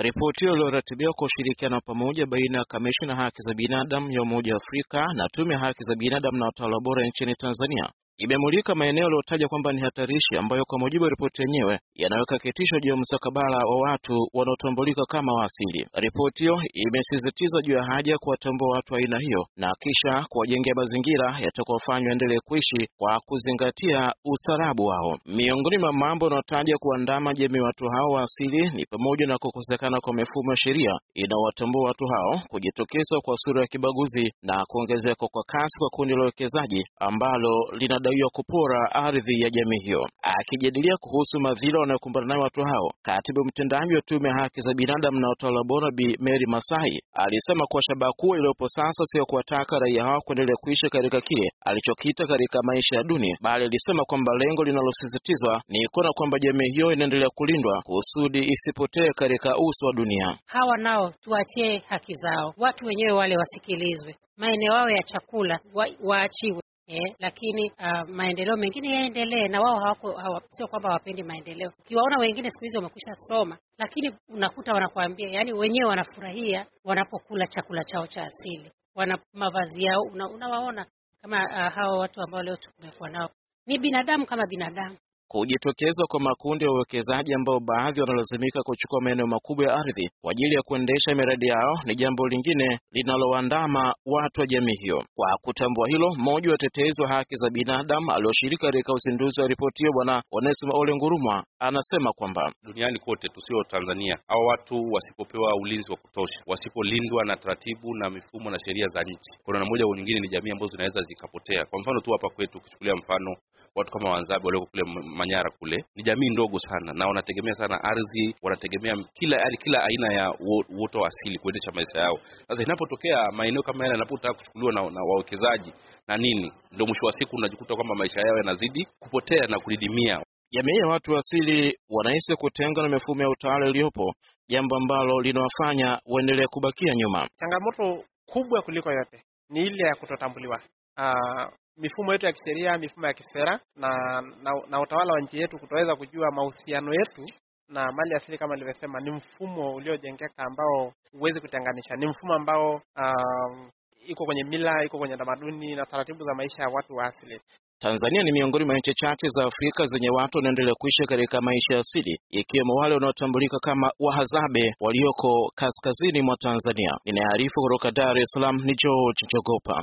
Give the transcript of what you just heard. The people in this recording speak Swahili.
Ripoti hiyo iliyoratibiwa kwa ushirikiano pamoja baina ya kamishna haki za binadamu ya Umoja wa Afrika na tume ya haki za binadamu na watawala bora nchini Tanzania imemulika maeneo yaliyotaja kwamba ni hatarishi ambayo kwa mujibu wa ripoti yenyewe yanaweka kitisho juu ya mstakabala wa watu wanaotambulika kama waasili. Ripoti hiyo imesisitiza juu ya haja kuwatambua watu aina hiyo na kisha kuwajengea mazingira yatakayofanywa endelee kuishi kwa kuzingatia ustaarabu wao. Miongoni mwa mambo yanayotaja kuandama jamii watu hao wa asili ni pamoja na kukosekana kwa mifumo ya sheria inayowatambua watu hao, kujitokeza kwa sura ya kibaguzi na kuongezeka kwa kasi kwa kundi la uwekezaji ambalo lina wanaodaiwa kupora ardhi ya jamii hiyo. Akijadilia kuhusu madhila wanayokumbana nayo watu hao, katibu mtendaji wa tume ya haki za binadamu na utawala bora Bi Mary Masai alisema kuwa shabaha kuu iliyopo sasa sio kuwataka raia hao kuendelea kuishi katika kile alichokita katika maisha ya duni, bali alisema kwamba lengo linalosisitizwa ni kuona kwamba jamii hiyo inaendelea kulindwa kusudi isipotee katika uso wa dunia. Hawa nao tuachie haki zao, watu wenyewe wale wasikilizwe, maeneo yao ya chakula wa, waachiwe eh, lakini uh, maendeleo mengine yaendelee, na wao hawako hawa, sio kwamba hawapendi maendeleo. Ukiwaona wengine siku hizi wamekwisha soma, lakini unakuta wanakuambia, yani wenyewe wanafurahia wanapokula chakula chao cha asili, wana mavazi yao, unawaona una kama uh, ah, hawa watu ambao leo tumekuwa nao ni binadamu kama binadamu, Kujitokeza kwa makundi ya wawekezaji ambao baadhi wanalazimika kuchukua maeneo makubwa ya ardhi kwa ajili ya kuendesha miradi yao ni jambo lingine linaloandama watu wa jamii hiyo. Kwa kutambua hilo, mmoja wa watetezi wa haki za binadamu alioshiriki katika uzinduzi wa ripoti hiyo, Bwana Onesimo Ole Ngurumwa, anasema kwamba duniani kote, tusio Tanzania, hawa watu wasipopewa ulinzi wa kutosha, wasipolindwa na taratibu na mifumo na sheria za nchi, kuna na moja au nyingine, ni jamii ambazo zinaweza zikapotea. Kwa mfano tu hapa kwetu, ukichukulia mfano watu kama wanzabe walioko kule Manyara kule ni jamii ndogo sana, na wanategemea sana ardhi, wanategemea kila yaani kila aina ya uoto wa asili kuendesha maisha yao. Sasa inapotokea maeneo kama yale yanapotaka kuchukuliwa na, na wawekezaji na nini, ndio mwisho wa siku unajikuta kwamba maisha yao yanazidi kupotea na kudidimia. Jamii ya watu asili wanahisi kutengwa na mifumo ya utawala iliyopo, jambo ambalo linawafanya waendelee kubakia nyuma. Changamoto kubwa kuliko yote ni ile ya kutotambuliwa uh, mifumo yetu ya kisheria, mifumo ya kisera na, na, na utawala wa nchi yetu kutoweza kujua mahusiano yetu na mali asili kama nilivyosema, ni mfumo uliojengeka ambao huwezi kutenganisha. Ni mfumo ambao uh, iko kwenye mila, iko kwenye tamaduni na taratibu za maisha ya watu wa asili. Tanzania ni miongoni mwa nchi chache za Afrika zenye watu wanaendelea kuishi katika maisha ya asili, ikiwemo wale wanaotambulika kama Wahazabe walioko kaskazini mwa Tanzania. Ninayearifu kutoka Dar es Salaam ni George Jogopa.